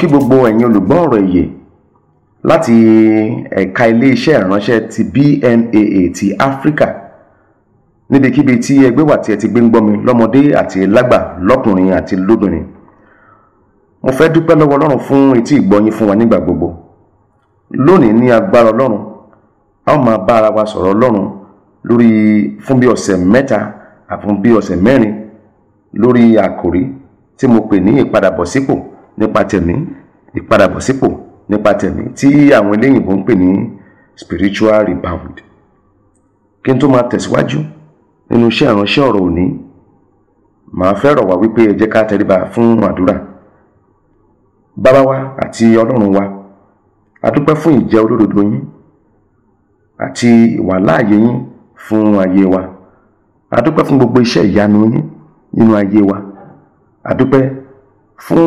kí gbogbo ẹ̀yin olùgbọ́ ọ̀rọ̀ èyè láti ẹ̀ka iléeṣẹ́ ìránṣẹ́ ti BNAA ti áfíríkà níbikíbi tí ẹgbẹ́ wà tí ẹ ti gbé ń gbọ́ mi lọ́mọdé àti lágbà lọ́kùnrin àti lóbìnrin mo fẹ́ dúpẹ́ lọ́wọ́ ọlọ́run fún etí ìgbọ́yín fún wa nígbà gbogbo lónìí ní agbára ọlọ́run a ó máa bá ara wa sọ̀rọ̀ ọlọ́run lórí fún bí ọ̀sẹ̀ mẹ́ta àfún bí ọ̀sẹ̀ mẹ́rin lórí àkòrí tí mo pè ní ìpadàbọ̀sípò si nípa tẹ̀mí ìpadàbọ̀sípò nípa tẹ̀mí tí àwọn eléyìnbó ń pè ní spiritual rebound kí n tó máa tẹ̀síwájú nínú iṣẹ́ ìránṣẹ́ ọ̀rọ̀ òní màá fẹ́ rọ̀ wá wípé ẹ jẹ́ ká tẹríba fún àdúrà bàbá wa àti ọlọ́run wa a dúpẹ́ fún ìjẹ́ olódodo yín àti ìwà láàyè yín fún ayé wa a dúpẹ́ fún gbogbo iṣẹ́ ìyanu yín nínú ayé wa a dúpẹ́ fún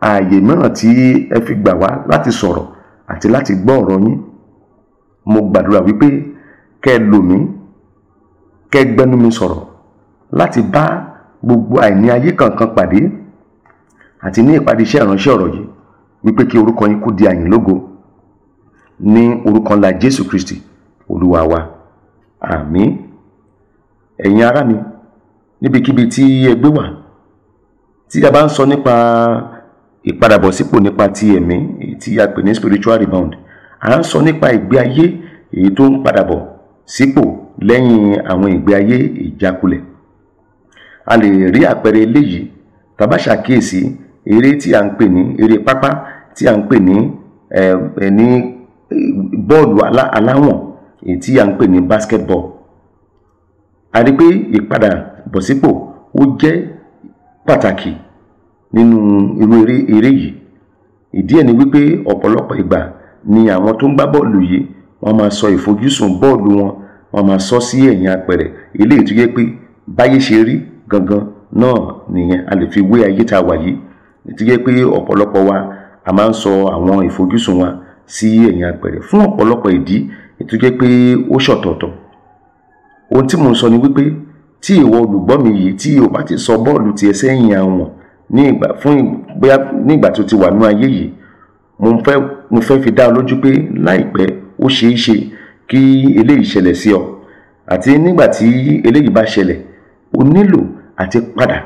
ààyè mìíràn tí ẹ fi gbà wá láti sọ̀rọ̀ àti láti gbọ́ ọ̀rọ̀ yín mo gbàdúrà wípé kẹ́ ẹ lò mí kẹ́ ẹ gbẹ́nu mi sọ̀rọ̀ láti bá gbogbo àìní ayé kankan pàdé àti ní ìpàdé iṣẹ́ ìránṣẹ́ ọ̀rọ̀ yìí wípé kí orúkọ yín kú di àyìn lógo ní orúkọ ńlá Jésù Kristi olúwa wa àmín ẹ̀yin ará mi níbikíbi tí ẹ wà tí a bá ń sọ nípa ìpadàbọ̀sípò nípa ti ẹ̀mí èyí tí a pè ní spiritual rebound à ń sọ nípa ìgbé ayé èyí tó ń padàbọ̀ sípò lẹ́yìn àwọn ìgbé ayé ìjákulẹ̀ a lè rí àpẹẹrẹ eléyìí tá bá ṣàkíyèsí eré tí a ń pè ní eré pápá tí a ń pè ní ẹ ní bọ́ọ̀lù aláwọ̀n èyí tí a ń pè ní basketball a rí pé ìpadàbọ̀sípò ó jẹ́ pàtàkì nínú irú eré eré yìí ìdí ẹ̀ ni wípé ọ̀pọ̀lọpọ̀ ìgbà ni àwọn tó ń gbá bọ́ọ̀lù yìí wọ́n máa sọ ìfojúsùn bọ́ọ̀lù wọn wọ́n máa sọ sí ẹ̀yìn apẹ̀rẹ̀ eléyìí tó yẹ pé báyé ṣe rí gangan náà nìyẹn a lè fi wé ayé tá wà yìí tó yẹ pé ọ̀pọ̀lọpọ̀ wa a máa ń sọ àwọn ìfojúsùn wa sí ẹ̀yìn apẹ̀rẹ̀ fún ọ̀pọ̀lọpọ̀ ìdí tó jẹ́ pé ó ṣọ̀tọ̀ọ̀tọ̀ ohun tí mò ń sọ ni wípé tí ìwọ olùgbọ́ mi yìí tí o bá ti sọ bọ́ọ̀lù tiẹ̀ sẹ́yìn àwọn ní ìgbà fún bóyá ní ìgbà tí o ti wà nínú ayé yìí mo fẹ́ mo fẹ́ fi dá ọ lójú pé láìpẹ́ ó ṣeé ṣe kí eléyìí ṣẹlẹ̀ sí ọ àti nígbà tí eléyìí bá ṣẹlẹ̀ o nílò àti padà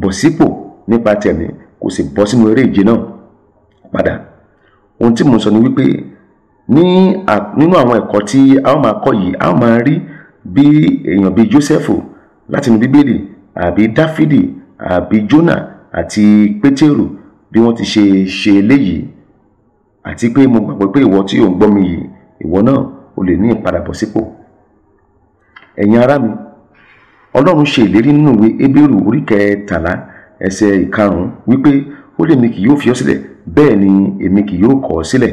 bọ̀ sípò nípa tẹ̀mí kò sì bọ́ sínú eré ìje náà padà ohun tí mo sọ ni wípé ní nínú àwọn ẹ̀kọ́ tí a ó máa kọ́ yìí a ó máa rí bí èèyàn bíi Jósẹ́fù látinú Bíbélì àbí Dáfídì àbí Jónà àti Pétérù bí wọ́n ti ṣe ṣe eléyìí àti pé mo gbàgbọ́ pé ìwọ tí ò ń gbọ́ mi yìí ìwọ náà o lè ní ìpadàbọ̀sípò ẹ̀yin ará mi Ọlọ́run ṣe ìlérí nínú ìwé Hébérù orí kẹtàlá ẹsẹ̀ ìkarùn-ún wípé ó lè mi kì yóò fi ọ́ sílẹ̀ bẹ́ẹ̀ ni èmi kì yóò kọ̀ ọ́ sílẹ̀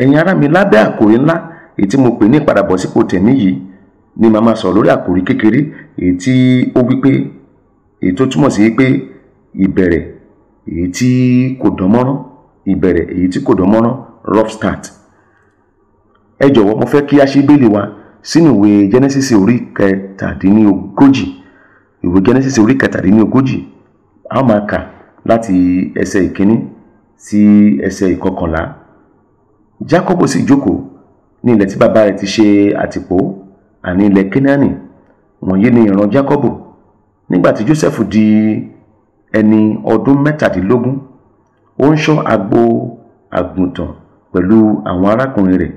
ẹ̀yin ará mi lábẹ́ àkòrí ńlá èyí tí mo pè ní ìpadàbọ̀sípò tẹ̀mí yìí ni màá máa sọ̀rọ̀ lórí àkòrí kékeré èyí tí ó wípé èyí tó túmọ̀ sí pé ìbẹ̀rẹ̀ èyí tí kò dán mọ́rán ìbẹ̀rẹ̀ èyí tí kò dán mọ́rán rough start ẹ jọ̀wọ́ mo fẹ́ kí a ṣí bíbélì wa sínú ìwé Genesis orí kẹtàdínlógójì ìwé Genesis orí kẹtàdínlógójì a máa kà láti ẹsẹ̀ ìkíní sí ẹsẹ̀ ìkọkànlá Jákọ́bù sì jókòó ní ilẹ̀ tí bàbá rẹ̀ ti ṣe àtìpó àní ilẹ̀ Kénáánì wọ̀nyí ni ìran Jákọ́bù nígbà tí Joseph di ẹni ọdún mẹ́tàdínlógún ó ń ṣọ́ agbo àgùntàn pẹ̀lú àwọn arákùnrin rẹ̀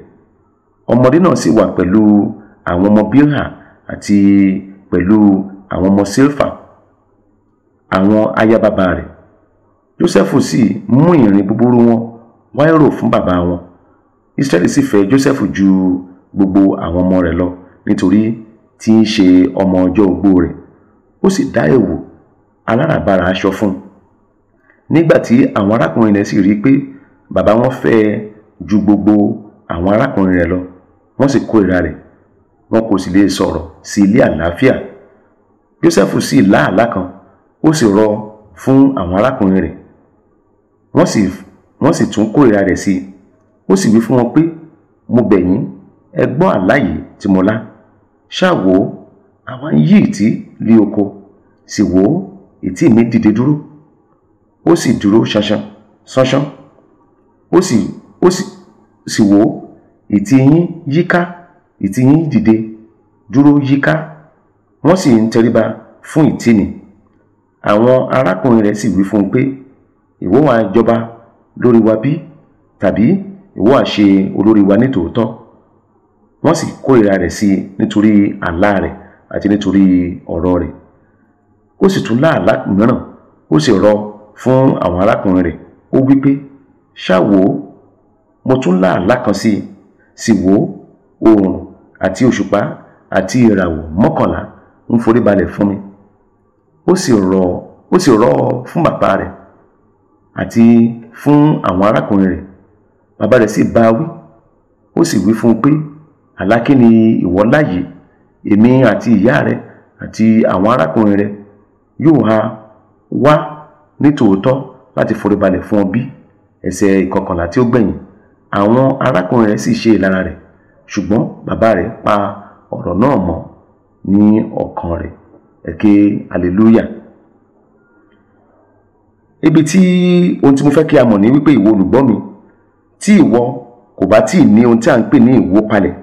ọmọdé náà sì wà pẹ̀lú àwọn ọmọ bilha àti pẹ̀lú àwọn ọmọ silfa àwọn aya bàbá rẹ̀ Joseph sì mú ìrìn búburú wọn wáìrò fún bàbá wọn Israẹli sì fẹ́ Joseph ju gbogbo àwọn ọmọ rẹ̀ lọ nítorí tí ń ṣe ọmọ ọjọ́ ogbó rẹ̀ ó sì dá ẹ̀wù aláràbarà aṣọ fún un nígbà tí àwọn arákùnrin rẹ̀ sì rí i pé bàbá wọn fẹ́ ẹ ju gbogbo àwọn arákùnrin rẹ̀ lọ wọ́n sì kórìíra rẹ̀ wọn kò sì lè sọ̀rọ̀ sí ilé àlàáfíà Joseph sì lá àlá kan ó sì rọ fún àwọn arákùnrin rẹ̀ wọ́n sì wọ́n sì tún kórìíra rẹ̀ sí i ó sì wí fún wọn pé mo bẹ̀ yín ẹ tí mo lá ṣáà wò ó àwa ń yí ìtí lé oko sì wò ó ìtí mi dìde dúró ó sì dúró ṣanṣan ṣanṣan ó sì ó sì sì wò ó ìtí yín yíká ìtí yín dìde dúró yíká wọ́n sì ń tẹríba fún ìtí mi àwọn arákùnrin rẹ̀ sì wí fún un pé ìwọ wàá jọba lórí wa bí tàbí ìwọ wàá ṣe olórí wa nítòótọ́ wọ́n sì kórìíra rẹ̀ sí i nítorí àlá rẹ̀ àti nítorí ọ̀rọ̀ rẹ̀ ó sì tún láàlá mìíràn ó sì rọ fún àwọn arákùnrin rẹ̀ ó wí pé ṣáwo mo tún láàlá kan sí i sì wò oòrùn àti òṣùpá àti ìràwọ̀ mọ́kànlá ń forí balẹ̀ fún mi ó sì rọ fún bàbá rẹ̀ àti fún àwọn arákùnrin rẹ̀ bàbá rẹ̀ sì bá wí ó sì wí fún un pé àlá ni ìwọ èmi àti ìyá rẹ àti àwọn arákùnrin rẹ yóò ha wá ní tòótọ́ láti foríbalẹ̀ fún ọ bí ẹsẹ̀ ìkọkànlá tí ó gbẹ̀yìn àwọn arákùnrin rẹ sì ṣe ìlara rẹ̀ ṣùgbọ́n bàbá rẹ̀ pa ọ̀rọ̀ náà mọ́ ní ọkàn rẹ̀ ẹ̀kẹ́ hallelujah ibi tí ohun tí mo fẹ́ kí a mọ̀ ní wípé ìwọ olùgbọ́ mi tí ìwọ kò bá tí ì ní ohun tí à ń pè ní ìwó palẹ̀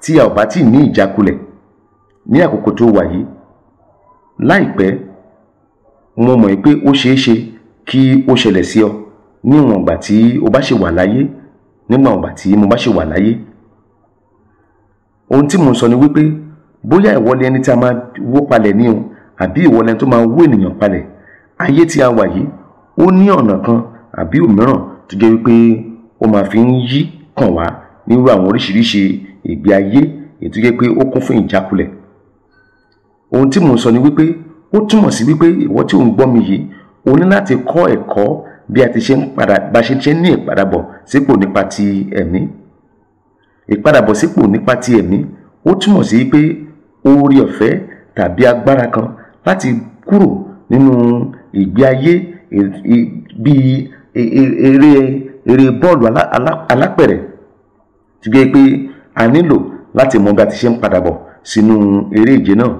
tí a ò bá tíì ní ìjákulẹ̀ ní àkókò tó wà yìí láìpẹ́ mo mọ̀ pé ó ṣeé ṣe kí ó ṣẹlẹ̀ sí ọ ní ìwọ̀n ìgbà tí o bá ṣe wà láyé nígbà ìgbà tí mo bá ṣe wà láyé ohun tí mo sọ ni wípé bóyá ìwọ ẹni tí a máa wó palẹ̀ ní o àbí ìwọ ni ẹni tó máa wó ènìyàn palẹ̀ ayé tí a wà yìí ó ní ọ̀nà kan àbí òmíràn tó jẹ́ wípé ó máa fi ń yí kàn wá nírú àwọn oríṣiríṣi ìgbé ayé èyí tó jẹ́ pé ó kún fún ìjákulẹ̀ ohun tí mò ń sọ ni wípé ó túmọ̀ sí wípé ìwọ tí ò ń gbọ́ mi yìí o ní láti kọ́ ẹ̀kọ́ bí a ti ṣe ń padà bá ṣe ṣe ń ní ìpadàbọ̀ sípò nípa ti ẹ̀mí ìpadàbọ̀ sípò nípa ti ẹ̀mí ó túmọ̀ sí pé oore ọ̀fẹ́ tàbí agbára kan láti kúrò nínú ìgbé ayé bíi eré eré bọ́ọ̀lù alápẹ̀rẹ̀ ti gbé pé a nílò láti mọ bí a ti ṣe ń padà bọ̀ sínú eré ìje náà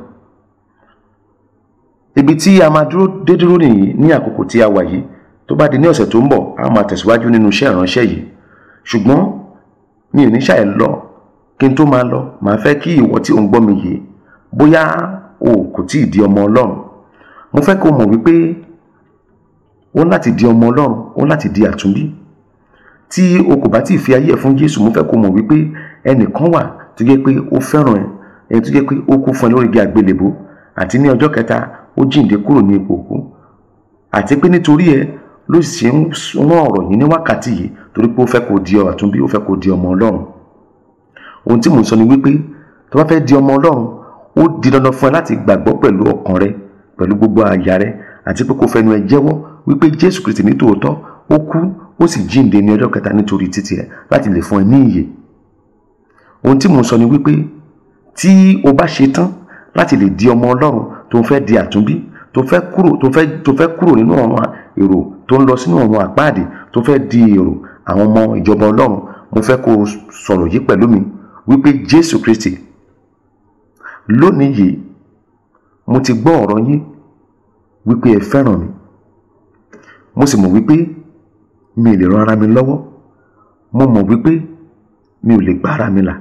ibi tí a máa dúró dé dúró nìyí ní àkókò tí a wà yìí tó bá di ní ọ̀sẹ̀ tó ń bọ̀ a máa tẹ̀síwájú nínú iṣẹ́ ìránṣẹ́ yìí ṣùgbọ́n mi ò ní ṣàì lọ kí n tó máa lọ màá fẹ́ kí ìwọ tí ò ń gbọ́ mi yìí bóyá o kò tí ì di ọmọ ọlọ́run mo fẹ́ kó mọ̀ wípé ó láti di ọmọ ọlọ́run ó láti di àtúnbí tí o kò bá tí ì fi ayé ẹ̀ fún jésù mo fẹ́ kó mọ̀ wípé ẹnìkan wà tó jẹ́ pé ó fẹ́ràn ẹ ẹni tó jẹ́ pé ó kú fún ẹ lórí igi àgbélébó àti ní ọjọ́ kẹta ó jíǹde kúrò ní ipò òkú àti pé nítorí ẹ ló sì ń rán ọ̀rọ̀ yìí ní wákàtí yìí torí pé ó fẹ́ kó di àtúnbí ó fẹ́ kó di ọmọ ọlọ́run ohun tí mò ń sọ ni wípé tó bá fẹ́ di ọmọ ọlọ́run ó di dandan fún ẹ láti gbàgbọ́ pẹ̀lú ọkàn rẹ pẹ̀lú gbogbo àyà rẹ àti pé kó fẹnu ẹ jẹ́wọ́ wípé jésù kristi ní tòótọ́ ó kú ó sì jíǹde ní ọjọ́ kẹta nítorí títì ẹ láti lè fún ẹ ní ìyè ohun tí mò ń sọ ni wípé tí o bá ṣe tán láti lè di ọmọ ọlọ́run tó ń fẹ́ di àtúnbí tó fẹ́ kúrò tó fẹ́ tó fẹ́ kúrò nínú ọ̀run èrò tó ń lọ sínú ọ̀run àpáàdé tó fẹ́ di èrò àwọn ọmọ ìjọba ọlọ́run mo fẹ́ kó o sọ̀rọ̀ yìí pẹ̀lú mi wípé jésù kristi lónìí yìí mo ti gbọ́ ọ̀rọ̀ yín wípé ẹ fẹ́ràn mi mo sì mọ̀ wípé mi ò lè ran ara mi lọ́wọ́ mo mọ̀ wípé mi ò lè gba ara mi là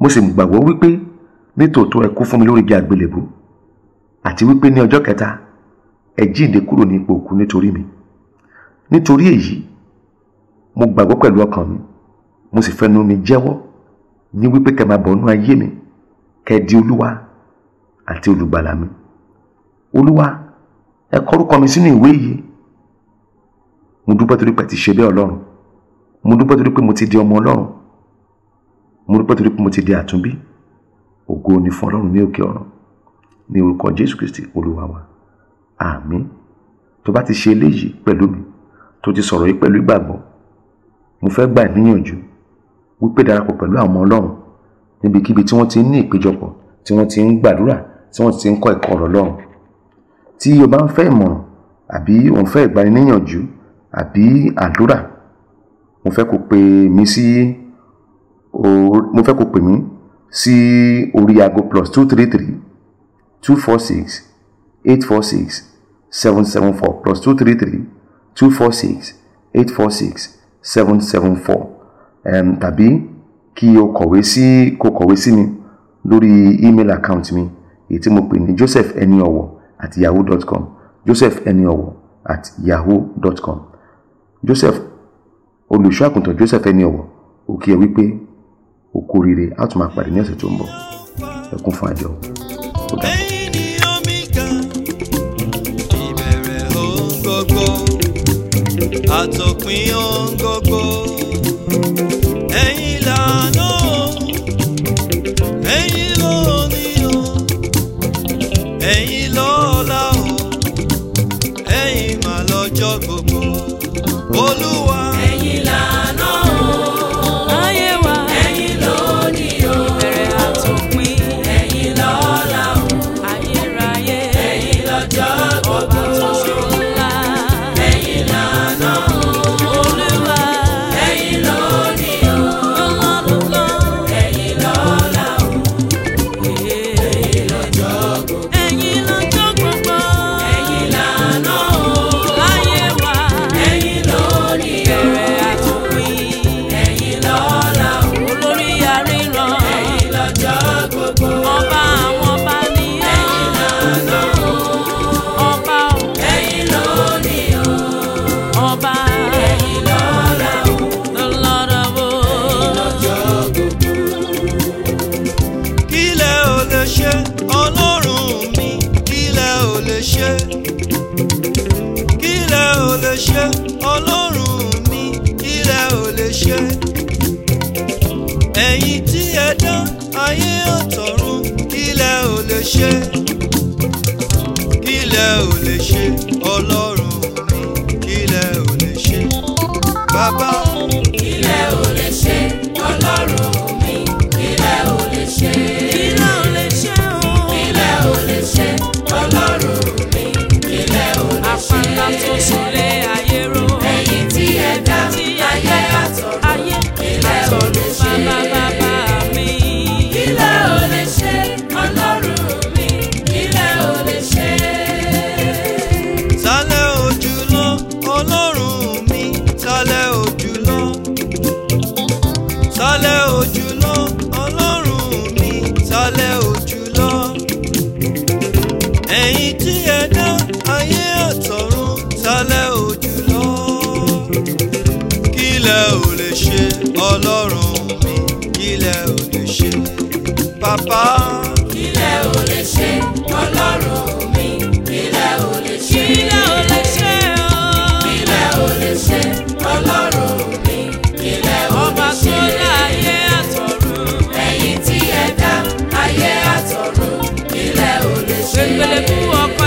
mo sì gbàgbọ́ wípé nítòótọ́ ẹ kú fún mi lórí igi àgbélébù àti wípé ní ọjọ́ kẹta ẹ jíǹde kúrò ní ipò òkú nítorí mi nítorí èyí mo gbàgbọ́ pẹ̀lú ọkàn mi mo sì fẹnu mi jẹ́wọ́ ní wípé kẹ́ máa bọ̀ ayé mi kẹ́ di olúwa àti olùgbàlà mi olúwa ẹ kọ orúkọ mi sínú ìwé yìí mo dúpẹ́ torí pé ti ṣe bẹ́ẹ̀ ọlọ́run mo dúpẹ́ torí pé mo ti di ọmọ ọlọ́run mo dúpẹ́ torí pé mo ti di àtúnbí ògo ni fún ọlọ́run ní òkè ọ̀run ní orúkọ jésù kristi olúwa wa àmín tó bá ti ṣe eléyìí pẹ̀lú mi tó ti sọ̀rọ̀ yìí pẹ̀lú ìgbàgbọ́ mo fẹ́ gbà níyànjú wípé darapọ̀ pẹ̀lú àwọn ọlọ́run níbikíbi tí wọ́n ti ń ní ìpéjọpọ̀ tí wọ́n ti ń gbàdúrà tí wọ́n ti ń kọ́ ẹ̀kọ́ ọ̀rọ̀ ọlọ́run tí o bá ń fẹ́ ìmọ̀ràn àbí o ń fẹ́ ìgbaniníyànjú àbí àdúrà mo fẹ́ kó pe mi sí mo fẹ́ kó pè mí sí orí aago plus two three three two four six eight four six seven seven four plus two three three two four six eight four six seven seven four um, tàbí kí o kọ̀wé sí kó kọ̀wé sí mi lórí email account mi èyí tí mo pè ní joseph eniowo at yahoo dot com joseph eniowo at yahoo dot com joseph olùṣọ́ àgùntàn joseph eniowo òkè wípé òkú rire á tún máa pàdé ní ọ̀sẹ̀ tó ń bọ̀ ẹ kún fún àjọ ó dàbọ̀. àtọ̀pín ọ̀ngọ̀gọ̀ olúwa ẹ̀yìn làánà. ṣe kílẹ̀ ò lè ṣe ọlọ́run mi kílẹ̀ ò lè ṣe bàbá. bàbá. ilẹ̀ ò lè ṣe ọlọ́run mi ilẹ̀ ò lè ṣe. ilẹ̀ ò lè ṣe o. Oh. ilẹ̀ ò lè ṣe ọlọ́run mi ilẹ̀ ò lè ṣe. ọba tó dá àtọ̀run. ẹ̀yin tí ẹ dá ayé àtọ̀run ilẹ̀ ò lè ṣe. pépélé fún ọkọ.